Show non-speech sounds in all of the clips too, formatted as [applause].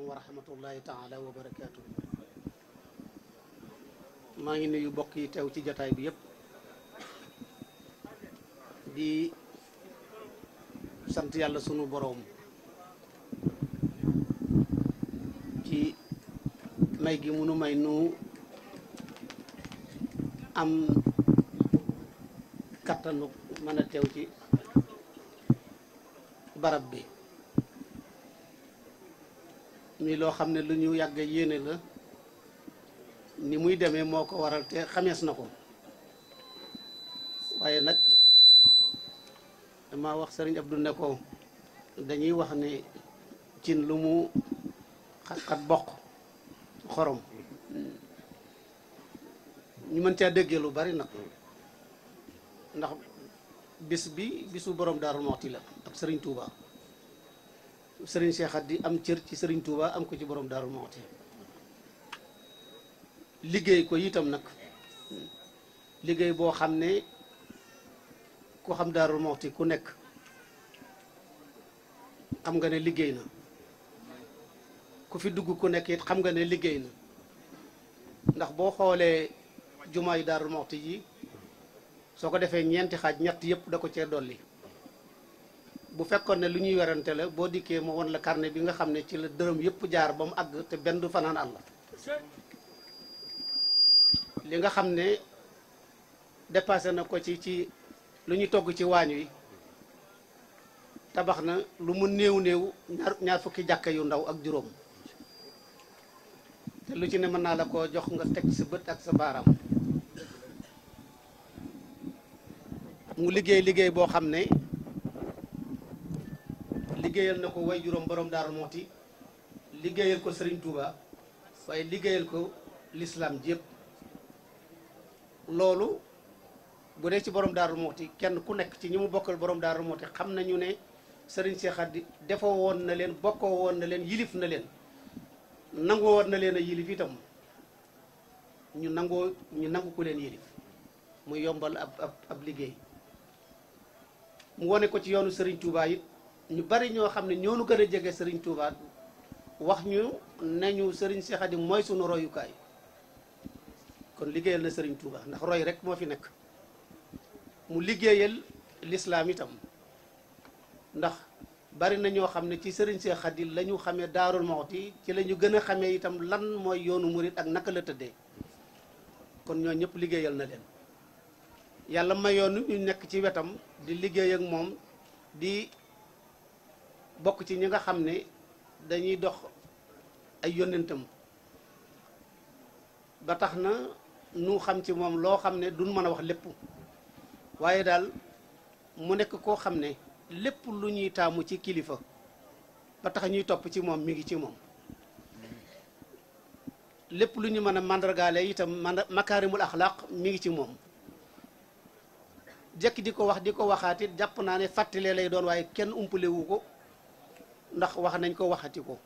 aleykum wa rahmatullahi taala wa barakaatu. maa ngi nuyu bokk yi teew ci jataay bi yëpp di sant yàlla sunu boroom ci may gi munu may nu am kattanu mën a teew ci barab bi muy loo xam ne lu ñu yàgg yéene la ni muy demee moo ko waral te xamees na ko waaye nag dama wax sëriñ Abdou ne ko dañuy wax ne cin lu mu xat-xat bokk xorom ñu mën caa déggee lu bari nag ndax bis bi bisu borom Daaru Muxti la ak sëriñ Touba. sëriñ Cheikh di am cër ci sëriñ Touba am ko ci borom Darou Mouhty liggéey ko itam nag liggéey boo xam ne ku xam daarul Mouhty ku nekk xam nga ne liggéey na ku fi dugg ku nekk it xam nga ne liggéey na ndax boo xoolee jumaa yi daarul Mouhty yi soo ko defee ñeenti xaaj ñett yëpp da ko cee dolli. bu fekkoon ne lu ñuy werante la boo dikkee moo won la carnet bi nga xam ne ci la dërëm yëpp jaar ba mu àgg te benn du fanaan àlla li nga xam ne dépassé na ko ci ci lu ñu togg ci waañ wi tabax na lu mu néew néew ñaar ñaar fukki jàkka yu ndaw ak juróom te lu ci ne mën naa la ko jox nga teg sa bët ak sa baaraam mu liggéey liggéey boo xam ne liggéeyal na ko way juróom borom daaru mooti liggéeyal ko sëriñ tuuba waaye liggéeyal ko lislaam jépp loolu bu dee ci borom daaru mooti kenn ku nekk ci ñi mu bokkal borom daaru mooti xam nañu ne sëriñ Cheikh di defoo woon na leen bokkoo woon na leen yilif na leen nangoo woon na leen a yilif itam ñu nangoo ñu nangu ku leen yilif mu yombal ab ab ab liggéey mu wone ko ci yoonu sëriñ Touba it ñu bari ñoo xam ne ñoo nu gën a jege Serigne Touba wax ñu nañu sëriñ Cheikh Khadim mooy sunu royukaay kon liggéeyal na sëriñ Touba ndax roy rek moo fi nekk mu liggéeyal lislaam itam ndax bari na ñoo xam ne ci sëriñ Cheikh Khadim lañu ñu xamee Daarul Muxti ci lañu gën a xamee itam lan mooy yoonu murit ak naka la tëddee kon ñoo ñëpp liggéeyal na leen yàlla mayoon ñu nekk ci wetam di liggéey ak moom di. bokk ci ñi nga xam ne dañuy dox ay yónnentam ba tax na nu xam ci moom loo xam ne duñ mën a wax lépp waaye daal mu nekk koo xam ne lépp lu ñuy taamu ci kilifa ba tax ñuy topp ci moom mi ngi ci moom lépp lu ñu mën a màndargaale itam man makaarimul axlaaq mi ngi ci moom jekk di ko wax di ko waxaat it jàpp naa ne fàttalee lay doon waaye kenn umpale ko ndax wax nañ ko waxati ko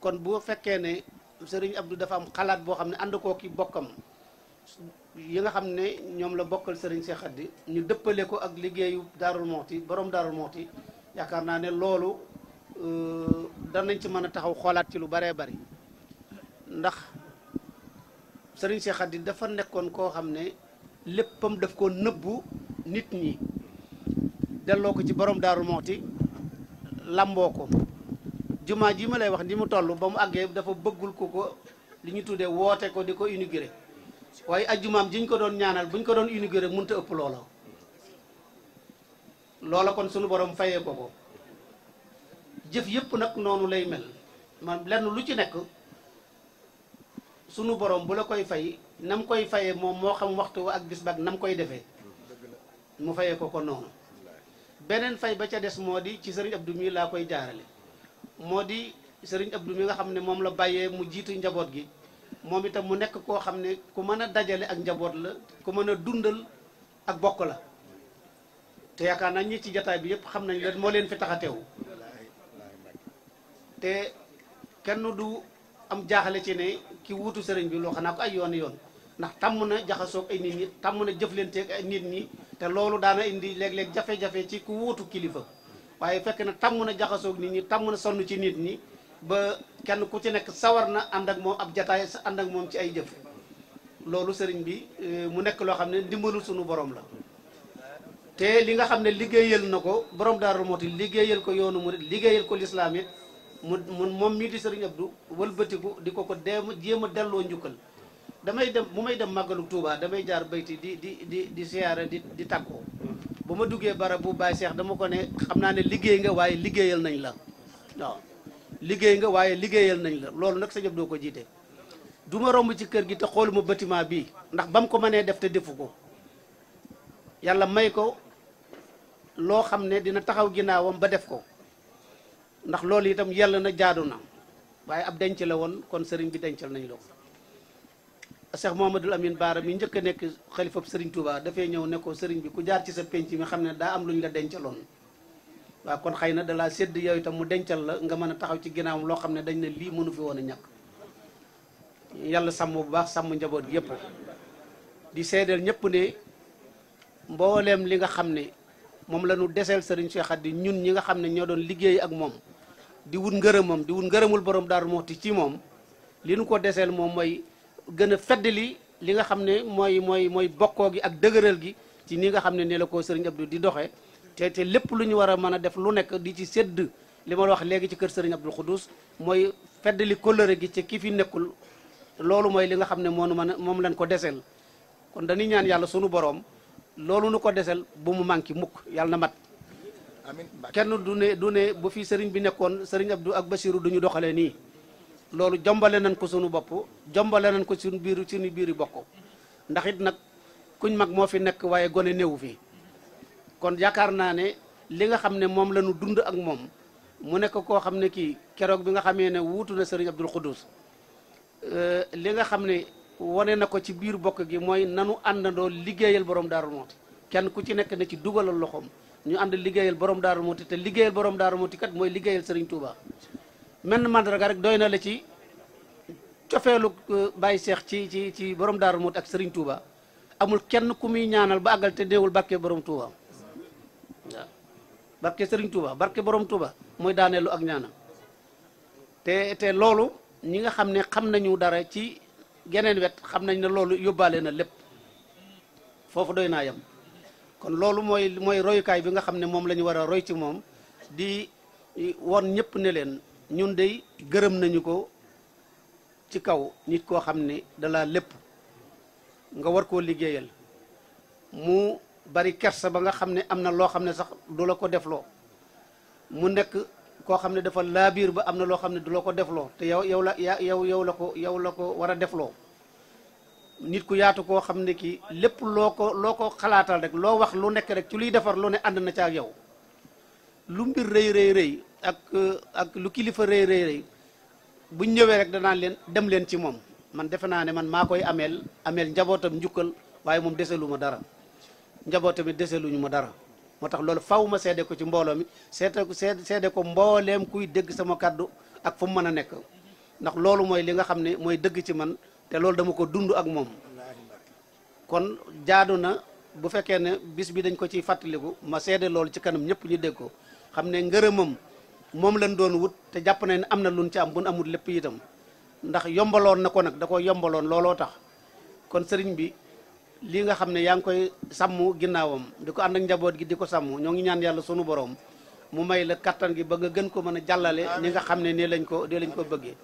kon boo fekkee ne sëriñ ab Abdou dafa am xalaat boo xam ne ànd koo ki bokkam yi nga xam ne ñoom la bokkal sëriñ Cheikh di ñu dëppale ko ak liggéeyu Darou Mouhty borom Darou Mouhty yaakaar naa ne loolu euh, danañ ci mën a taxaw xoolaat ci lu baree bari ndax sëriñ Cheikh Khady dafa nekkoon koo xam ne léppam daf ko nëbbu nit ñi delloo ko ci borom Darou Mouhty lamboo ko jumaa ji ma lay wax ni mu toll ba mu àggee dafa bëggul ko ko li ñu tuddee woote ko di ko inauguré waaye ajjumaam ji ñu ko doon ñaanal bu ñu ko doon inauguré mënut a ëpp loola. loola kon sunu boroom fayee ko ko jëf yépp nag noonu lay mel man lenn lu ci nekk sunu borom bu la koy fay nam koy fayee moom moo xam waxtu ak bis bak nam koy defee mu fayee ko ko noonu. beneen fay ba ca des moo di ci sëriñ du mi laa koy jaarale moo di sëriñ Abdou mi nga xam ne moom la bàyyee mu jiitu njaboot gi moom itam mu nekk koo xam ne ku mën a dajale ak njaboot la ku mën a dundal ak bokk la te yaakaar naa ñi ci jataay bi yëpp xam nañ leen moo leen fi tax a teew te kenn du am jaaxale ci ne ki wuutu sëriñ bi loo xanaa ko ay yoon yoon ndax tàmm na jaxasoog ay nit ñi tàmm na jëflanteeg ay nit ñi te loolu daana indi léeg-léeg jafe-jafe ci ku wuutu kilifa waaye fekk na tàmm na jaxasoog nit ñi tàmm na sonn ci nit ñi ba kenn ku ci nekk sawar na ànd ak moom ab jataay sa ànd ak moom ci ay jëf loolu sëriñ bi euh, mu nekk loo xam ne ndimbalul sunu borom la te li nga xam ne liggéeyal na ko borom Daaru Muxti liggéeyal ko yoonu mu liggéeyal ko lislaam it mu moom mii di sëriñ Abdou wëlbatiku di ko ko dem jéem a delloo njukkal damay dem bu may dem màggalu tuubaa damay jaar bayti di di di di siyaare di di tàggoo bu ma duggee barab bu Baye Cheikh dama ko ne xam naa ne liggéey nga waaye liggéeyal nañ la waaw liggéey nga waaye liggéeyal nañ la loolu nag sa jëf doo ko jiite du ma romb ci kër gi te xooluma batiment bii ndax ba mu ko mënee def te defu ko yàlla may ko loo xam ne dina taxaw ginnaawam ba def ko ndax loolu itam yàlla na jaadu na waaye ab denc la woon kon sëriñ bi dencal nañ la ko Cheikh Mouhamadul Amine Baara mi njëkk nekk xalifab Serigne Touba dafay ñëw ne ko bi ku jaar ci sa penc mi xam ne daa am lu ñu la dencaloon waa kon xëy na da laa sédd yow itam mu dencal la nga mën a taxaw ci ginnaawam loo xam ne dañ ne lii mënu fi woon a yàlla sàmm bu baax sàmm njaboot yépp di seedeel ñëpp ne mbooleem li nga xam ne moom la ñu deseel Serigne Cheikh Khady ñun ñi nga xam ne ñoo doon liggéey ak moom di wut ngërëmam di wut ngërëmul borom Daaru Muxti moom gën a feddali li nga xam ne mooy mooy mooy bokkoo gi ak dëgëral gi ci ni nga xam ne ne la ko sëriñ Abdou di doxee te te lépp lu ñu war a mën a def lu nekk di ci sedd li ma wax léegi ci kër sëriñ Abdou Khoudous mooy feddali kóllëre gi ci ki fi nekkul loolu mooy li nga xam ne moonu mën a moom lañ ko deseel kon dañuy ñaan yàlla sunu boroom loolu nu ko deseel bu mu manqué mukk yàlla na mat amiin kenn du ne du ne bu fi sëriñ bi nekkoon sëriñ du ak Bachirou du ñu doxalee nii loolu jombale nañ ko sunu bopp jombale nañ ko sunu biir sunu biir yi bokk ndax it nag kuñ mag moo fi nekk waaye gone néewu fii kon yaakaar naa ne li nga xam ne moom la ñu dund ak moom mu nekk koo xam ne kii keroog bi nga xamee ne wuutu na sëriñ Abdul Xuddus euh, li nga xam ne wane na ko ci biir bokk gi mooy nanu àndandoo liggéeyal borom Daaru Muxti kenn ku ci nekk ne ci dugalal loxoom ñu ànd liggéeyal borom Daaru Muxti te liggéeyal borom Daaru Muxti kat mooy liggéeyal sëriñ Touba. menn mandarga rek doy na la ci cofeelu euh, Baye Cheikh ci ci ci borom Daaru Muut ak sëriñ Touba amul kenn ku muy ñaanal ba àggal te néewul barke borom Touba waaw barke Serigne Touba barke borom Touba mooy daaneelu ak ñaanam te te loolu ñi nga xam ne xam nañu dara ci geneen wet xam nañ ne loolu yóbbaale na lépp foofu doy naa yam kon loolu mooy mooy royukaay bi nga xam ne moom lañu ñu war a roy ci moom di won ñëpp ne leen ñun dey gërëm nañu ko ci kaw nit koo xam ne dalaa lépp nga war koo liggéeyal mu bari kers ba nga xam ne am na loo xam ne sax du la ko defloo mu nekk koo xam ne dafa laabiir ba am na loo xam ne du la ko defloo te yow yow la yow yow la ko yow la ko war a defloo nit ku yaatu koo xam ne kii lépp loo ko loo ko xalaatal rek loo wax lu nekk rek ci luy defar lu ne ànd na ci ak yow lu mbir rëy rëy rëy ak ak lu kilifa rëy rëy rëy buñ ñëwee rek danaan leen dem leen ci moom man defe naa ne man maa koy ameel ameel njabootam njukkal waaye moom deselu ma dara njabootam it deseluñu ma dara moo tax loolu faw ma seede ko ci mbooloo mi seete ko seede ko mbooleem kuy dégg sama kaddu ak fu mu mën a nekk ndax loolu mooy li nga xam ne mooy dëgg ci man te loolu dama ko dund ak moom kon jaadu na bu fekkee ne bis bi dañ ko ciy fàttaliku ma seede loolu ci kanam ñëpp ñu dégg ko xam ne ngërëmam moom lañ doon wut te jàpp nañ ne am na luñ ci am buñ amul lépp itam ndax yombaloon na ko nag da ko yombaloon looloo tax kon sëriñ bi lii nga xam ne yaa ngi koy sàmm ginnaawam di ko ànd njaboot gi di ko sàmm ñoo ngi ñaan yàlla sunu borom mu may la kàttan gi ba nga gën ko mën a jàllale ni nga xam ne nii lañ ko nii lañ ko bëggee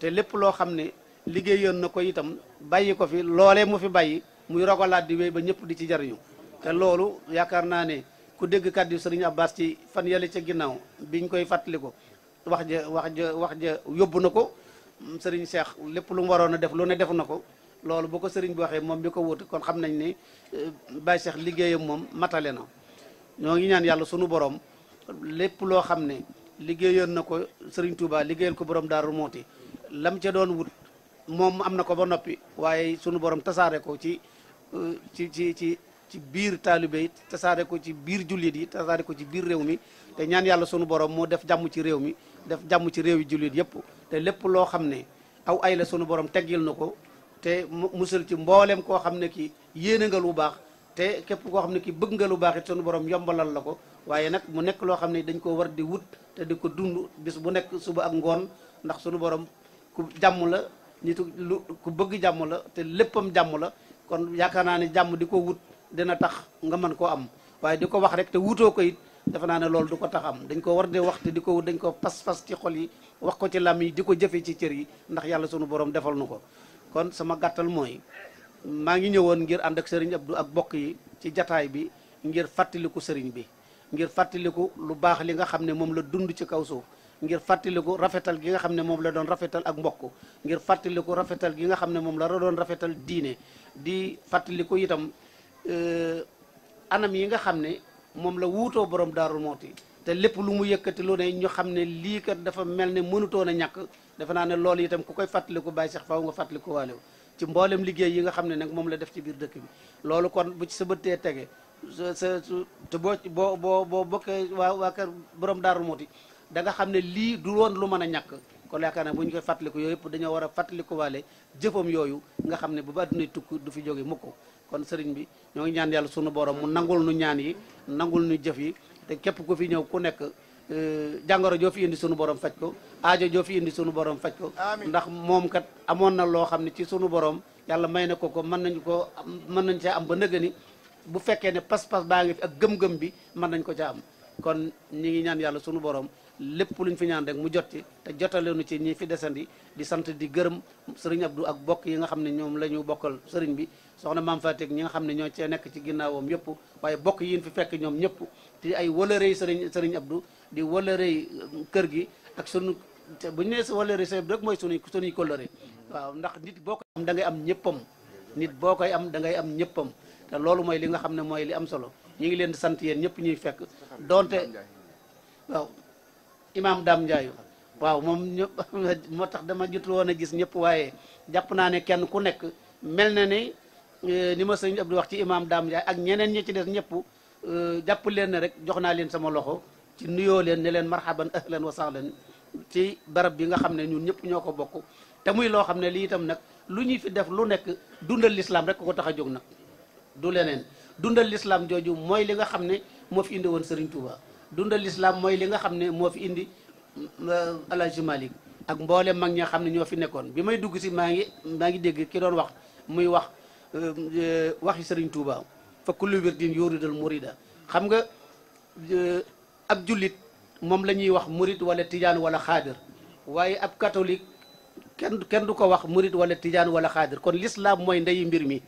te lépp loo xam ne liggéeyoon na ko itam bàyyi ko fi loolee mu fi bàyyi muy rogalaat di wéy ba ñëpp di ci jariñu te yaakaar naa ne ku dégg kàddu sëriñ Abbas ci fan yële ca ginnaaw biñ koy fàttaliku wax ja wax ja wax ja yóbbu na ko sëriñ Cheikh lépp lu mu waroon a def lu ne def na ko loolu boo ko sëriñ bi waxee moom bi ko wóotu kon xam nañ ni euh, Baye Cheikh liggéeyam moom matale na ñoo ngi ñaan yàlla sunu boroom lépp loo xam ne liggéeyoon na ko sëriñ Touba liggéeyal ko boroom Daaru Mooti lam ca doon wut moom am na ko ba noppi waaye sunu borom tasaare ko ci euh, ci ci ci ci biir taalibe yi tasaare ko ci biir jullit yi tasaare ko ci biir réew mi te ñaan yàlla sunu borom moo def jàmm ci réew mi def jàmm ci réew yi jullit yëpp te lépp loo xam ne aw ay la sunu borom teggil na ko te mu musal ci mbooleem koo xam ne ki yéene nga lu baax te képp koo xam ne ki bëgg nga lu baax it sunu borom yombalal la ko waaye nag mu nekk loo xam ne dañ koo war di wut te di ko dund bis bu nekk suba ak ngoon ndax sunu borom ku jàmm la nitu lu ku bëgg jàmm te léppam jàmm la dina tax nga mën koo am waaye di ko wax rek te wutoo ko yit defe naa ne loolu du ko tax am dañ ko war de wax te di ko dañ ko pas-pas ci xol yi wax ko ci lam yi di ko jëfe ci cër yi ndax yàlla sunu borom defal nu ko kon sama gàttal mooy maa ngi ñëwoon ngir ànd ak sëriñ Abdou ak bokk yi ci jataay bi ngir fàttaliku sëriñ bi ngir fàttaliku lu baax li nga xam ne moom la dund ci kaw suuf ngir fàttaliku rafetal gi nga xam ne moom la doon rafetal ak mbokk ngir fàttaliku rafetal gi nga xam ne moom la doon rafetal diine di fàttaliku itam Euh, anam yi nga xam ne moom la wuutoo borom daarul mooti te lépp lu mu yëkkati lu ne ñu xam ne lii kat dafa mel ne mënutoon a ñàkk defe naa ne loolu itam ku koy fàttaliku bàyyi sax faaw nga fàttaliku waale ci mboolem liggéey yi nga xam ne nag moom la def ci biir dëkk bi loolu kon bu ci sa bëttee tege sa te boo boo boo boo bokkee waa waa kër borom daarul mooti danga xam ne lii du woon lu mën a ñàkk kon yaakaar naa bu ñu koy fàttaliku yooyu yëpp dañoo war a waale jëfam yooyu nga xam ne bu ba addunay tukk du fi jóge mukk kon sëriñ bi ñoo ngi ñaan yàlla sunu borom mu nangul nu ñaan yi nangul nu jëf yi te képp ku fi ñëw ku nekk euh, jàngoro joo fi indi sunu borom faj ko aajo joo fi indi sunu borom faj ko ndax moom kat amoon na loo xam ne ci sunu borom yàlla may na ko ko mën nañu ko mën nañ caa am ba nëgëni bu fekkee ne pas-pas baa ngi fi ak gëm-gëm bi mën nañ ko ca am kon ñi ngi ñaan yàlla sunu borom lépp luñ fi ñaan rek mu jot ci te jotaleenu ci ñi fi desandi di sant di gërëm sëriñ Abdou ak bokk yi nga xam ne ñoom la ñu bokkal sëriñ bi soxna maam Fatick ñi nga xam ne ñoo cee nekk ci ginnaawam yëpp waaye bokk yi fi fekk ñoom ñëpp te ay walërëy sëriñ sëriñ Abdou di walërëy euh, kër gi ak sunu bu ñu nee si walërëy sëriñ mooy sunuy sunuy kóllëre waaw ndax nit boo koy am am ñëppam nit boo koy am da ngay am ñëppam te loolu mooy li nga xam ne mooy li am solo ñi ngi leen sant yéen ñëpp ñuy fekk donte waaw imaam Dame Ndiaye waaw moom ñu [laughs] moo tax dama jotul woon a gis ñëpp waaye jàpp naa ne kenn ku nekk mel na ne ni ma sëñ di wax ci imaam Dame Ndiaye ak ñeneen ñi ci des ñëpp e, jàpp leen ne rek jox naa leen sama loxo ci nuyoo leen ne leen marhaban ahlan wa leen ci barab bi nga xam ne ñun ñëpp ñoo ko bokk te muy loo xam ne lii itam nag lu ñuy fi def lu nekk dundal lislaam rek ko tax a jóg nag du leneen dundal l'islam jooju mooy li nga xam ne moo fi indi woon Serigne Touba. dundal lislaam mooy li nga xam ne moo fi indi euh, Alaaji Malik ak mboole mag ñi xam ne ñoo fi nekkoon bi may dugg si maa ngi maa ngi dégg ki doon wax muy wax euh, waxi Sëriñ Tuuba fa kullu wirdin yuridal murida xam nga euh, ab jullit moom la ñuy wax murid wala tijaan wala xaadir waaye ab katolik kenn kenn du ko wax murid wala tijaan wala xaadir kon lislaam mooy ndeyi mbir mi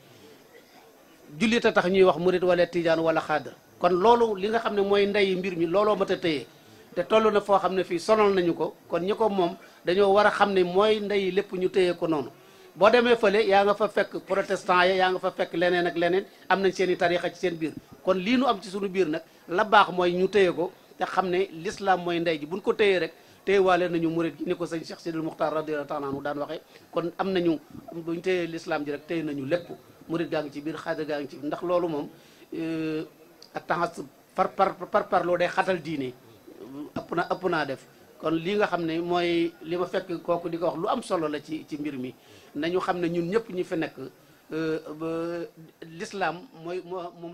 jullit a tax ñuy wax murid wala tijaan wala xaadir kon loolu li nga xam ne mooy ndeyu mbir mi looloo mat a téye te toll na foo xam ne fii sonal nañu ko kon ñi ko moom dañoo war a xam ne mooy ndey lépp ñu téye ko noonu boo demee fële yaa nga fa fekk protestant ya yaa nga fa fekk leneen ak leneen am nañ seen i tarixa ci seen biir kon lii nu am ci suñu biir nag la baax mooy ñu téye ko te xam ne lislaam mooy ndey ji buñ ko téyee rek téyewaale nañu murit gi ni ko sëñ Cheikh Sidil Muxtaar radiyallahu taala anhu daan waxee kon am nañu buñ téyee l'islam ji rek téye nañu lépp murit gaa ci biir xaadir gaa ngi ndax loolu moom euh, ak taxas par par par par loo de xatal diine ëpp na ëpp naa def kon lii nga xam ne mooy li ma fekk kooku di ko wax lu am solo la ci ci mbir mi na nañu xam ne ñun ñëpp ñi fi nekk euh, mooy moo moom